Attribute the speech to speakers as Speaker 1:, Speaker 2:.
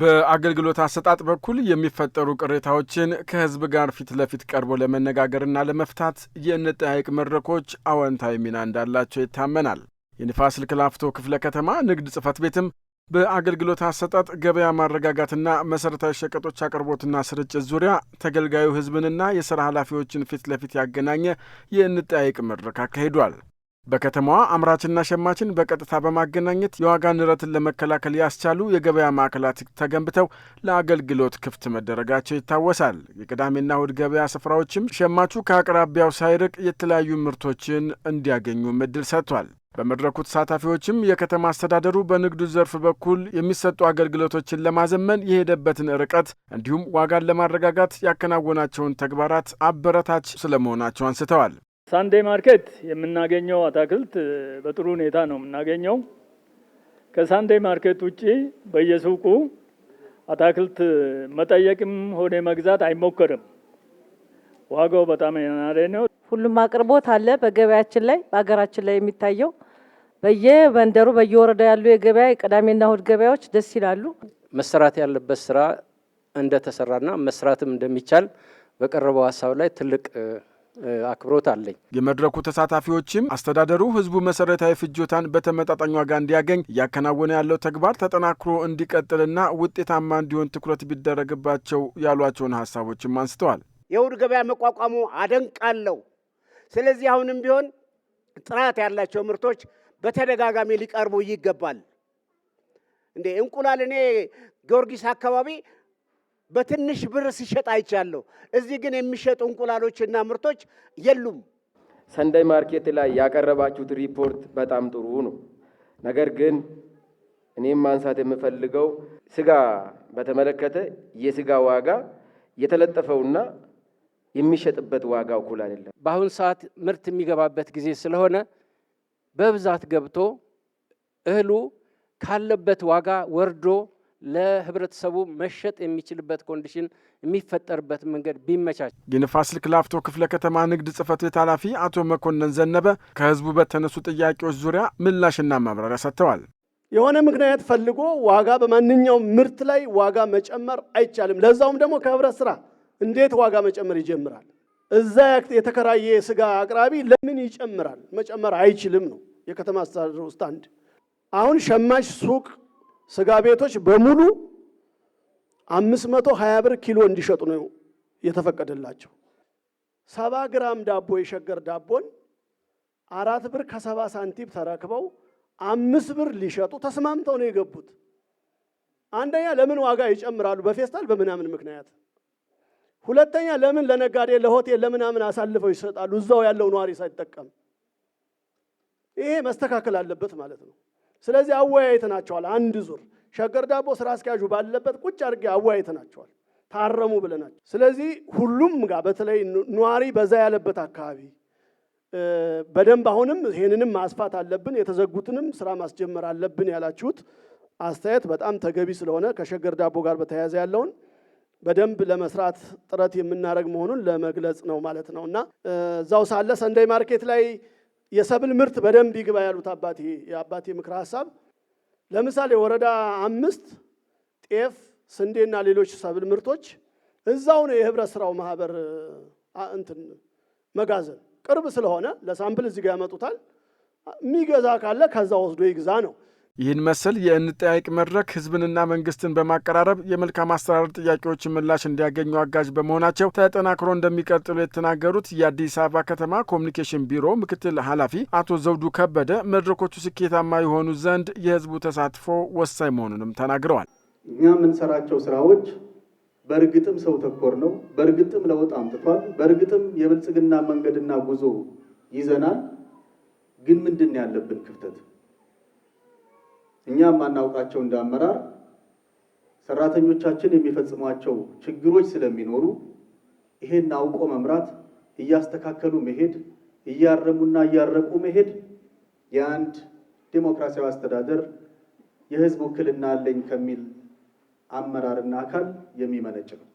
Speaker 1: በአገልግሎት አሰጣጥ በኩል የሚፈጠሩ ቅሬታዎችን ከህዝብ ጋር ፊት ለፊት ቀርቦ ለመነጋገርና ለመፍታት የንጠያይቅ መድረኮች አዎንታዊ ሚና እንዳላቸው ይታመናል። የንፋስ ስልክ ላፍቶ ክፍለ ከተማ ንግድ ጽሕፈት ቤትም በአገልግሎት አሰጣጥ ገበያ ማረጋጋትና መሠረታዊ ሸቀጦች አቅርቦትና ስርጭት ዙሪያ ተገልጋዩ ህዝብንና የሥራ ኃላፊዎችን ፊት ለፊት ያገናኘ የንጠያይቅ መድረክ አካሂዷል። በከተማዋ አምራችና ሸማችን በቀጥታ በማገናኘት የዋጋ ንረትን ለመከላከል ያስቻሉ የገበያ ማዕከላት ተገንብተው ለአገልግሎት ክፍት መደረጋቸው ይታወሳል። የቅዳሜና እሁድ ገበያ ስፍራዎችም ሸማቹ ከአቅራቢያው ሳይርቅ የተለያዩ ምርቶችን እንዲያገኙ እድል ሰጥቷል። በመድረኩ ተሳታፊዎችም የከተማ አስተዳደሩ በንግዱ ዘርፍ በኩል የሚሰጡ አገልግሎቶችን ለማዘመን የሄደበትን ርቀት እንዲሁም ዋጋን ለማረጋጋት ያከናወናቸውን ተግባራት አበረታች ስለመሆናቸው አንስተዋል።
Speaker 2: ሳንዴ ማርኬት የምናገኘው አታክልት በጥሩ ሁኔታ ነው የምናገኘው። ከሳንዴ ማርኬት ውጭ በየሱቁ አታክልት መጠየቅም ሆነ መግዛት አይሞከርም። ዋጋው በጣም የናረ ነው።
Speaker 3: ሁሉም አቅርቦት አለ በገበያችን ላይ በሀገራችን ላይ የሚታየው በየመንደሩ በየወረዳ ያሉ የገበያ የቅዳሜና እሁድ ገበያዎች ደስ ይላሉ።
Speaker 4: መሰራት ያለበት ስራ እንደተሰራና መስራትም እንደሚቻል በቀረበው ሀሳብ ላይ ትልቅ አክብሮት አለኝ።
Speaker 1: የመድረኩ ተሳታፊዎችም አስተዳደሩ ህዝቡ መሰረታዊ ፍጆታን በተመጣጣኝ ዋጋ እንዲያገኝ እያከናወነ ያለው ተግባር ተጠናክሮ እንዲቀጥልና ውጤታማ እንዲሆን ትኩረት ቢደረግባቸው ያሏቸውን ሀሳቦችም አንስተዋል።
Speaker 5: የእሁድ ገበያ መቋቋሙ አደንቃለሁ። ስለዚህ አሁንም ቢሆን ጥራት ያላቸው ምርቶች በተደጋጋሚ ሊቀርቡ ይገባል። እንዴ እንቁላል እኔ ጊዮርጊስ አካባቢ በትንሽ ብር ሲሸጥ አይቻለሁ። እዚህ ግን የሚሸጡ እንቁላሎችና ምርቶች የሉም።
Speaker 6: ሰንደይ ማርኬት ላይ ያቀረባችሁት ሪፖርት በጣም ጥሩ ነው። ነገር ግን እኔም ማንሳት የምፈልገው ስጋ በተመለከተ የስጋ ዋጋ የተለጠፈውና የሚሸጥበት ዋጋ እኩል አይደለም።
Speaker 7: በአሁን ሰዓት ምርት የሚገባበት ጊዜ ስለሆነ በብዛት ገብቶ እህሉ ካለበት ዋጋ ወርዶ ለህብረተሰቡ መሸጥ የሚችልበት ኮንዲሽን የሚፈጠርበት መንገድ ቢመቻች።
Speaker 1: የንፋስ ስልክ ላፍቶ ክፍለ ከተማ ንግድ ጽህፈት ቤት ኃላፊ አቶ መኮንን ዘነበ ከህዝቡ በተነሱ ጥያቄዎች ዙሪያ ምላሽና ማብራሪያ ሰጥተዋል።
Speaker 8: የሆነ ምክንያት ፈልጎ ዋጋ በማንኛውም ምርት ላይ ዋጋ መጨመር አይቻልም። ለዛውም ደግሞ ከህብረት ስራ እንዴት ዋጋ መጨመር ይጀምራል? እዛ የተከራየ ስጋ አቅራቢ ለምን ይጨምራል? መጨመር አይችልም ነው የከተማ አስተዳደሩ ስታንድ። አሁን ሸማች ሱቅ ስጋ ቤቶች በሙሉ 520 ብር ኪሎ እንዲሸጡ ነው የተፈቀደላቸው። ሰባ ግራም ዳቦ የሸገር ዳቦን አራት ብር ከሰባ ሳንቲም ተረክበው አምስት ብር ሊሸጡ ተስማምተው ነው የገቡት። አንደኛ ለምን ዋጋ ይጨምራሉ በፌስታል በምናምን ምክንያት፣ ሁለተኛ ለምን ለነጋዴ ለሆቴል ለምናምን አሳልፈው ይሰጣሉ እዛው ያለው ነዋሪ ሳይጠቀም። ይሄ መስተካከል አለበት ማለት ነው። ስለዚህ አወያይተናቸዋል። አንድ ዙር ሸገር ዳቦ ስራ አስኪያጁ ባለበት ቁጭ አድርጌ አወያይተናቸዋል። ታረሙ ብለናቸው። ስለዚህ ሁሉም ጋር በተለይ ነዋሪ በዛ ያለበት አካባቢ በደንብ አሁንም ይህንንም ማስፋት አለብን፣ የተዘጉትንም ስራ ማስጀመር አለብን ያላችሁት አስተያየት በጣም ተገቢ ስለሆነ ከሸገር ዳቦ ጋር በተያያዘ ያለውን በደንብ ለመስራት ጥረት የምናደርግ መሆኑን ለመግለጽ ነው ማለት ነው እና እዛው ሳለ ሰንደይ ማርኬት ላይ የሰብል ምርት በደንብ ይግባ ያሉት አባቴ የአባቴ ምክረ ሀሳብ ለምሳሌ ወረዳ አምስት ጤፍ፣ ስንዴና ሌሎች ሰብል ምርቶች እዛው ነው የህብረት ስራው ማህበር እንትን መጋዘን ቅርብ ስለሆነ ለሳምፕል እዚህ ጋር ያመጡታል። የሚገዛ ካለ ከዛ ወስዶ ይግዛ ነው።
Speaker 1: ይህን መሰል የእንጠያይቅ መድረክ ህዝብንና መንግስትን በማቀራረብ የመልካም አስተዳደር ጥያቄዎችን ምላሽ እንዲያገኙ አጋዥ በመሆናቸው ተጠናክሮ እንደሚቀጥሉ የተናገሩት የአዲስ አበባ ከተማ ኮሚኒኬሽን ቢሮ ምክትል ኃላፊ አቶ ዘውዱ ከበደ መድረኮቹ ስኬታማ የሆኑ ዘንድ የህዝቡ ተሳትፎ ወሳኝ መሆኑንም ተናግረዋል።
Speaker 6: እኛ የምንሰራቸው ስራዎች በእርግጥም ሰው ተኮር ነው። በእርግጥም ለውጥ አምጥቷል። በእርግጥም የብልጽግና መንገድና ጉዞ ይዘናል። ግን ምንድን ያለብን ክፍተት እኛ ማናውቃቸው እንደ አመራር ሰራተኞቻችን የሚፈጽሟቸው ችግሮች ስለሚኖሩ ይሄን አውቆ መምራት፣ እያስተካከሉ መሄድ፣ እያረሙና እያረቁ መሄድ የአንድ ዴሞክራሲያዊ አስተዳደር የህዝብ ውክልና አለኝ ከሚል አመራርና አካል የሚመነጭ ነው።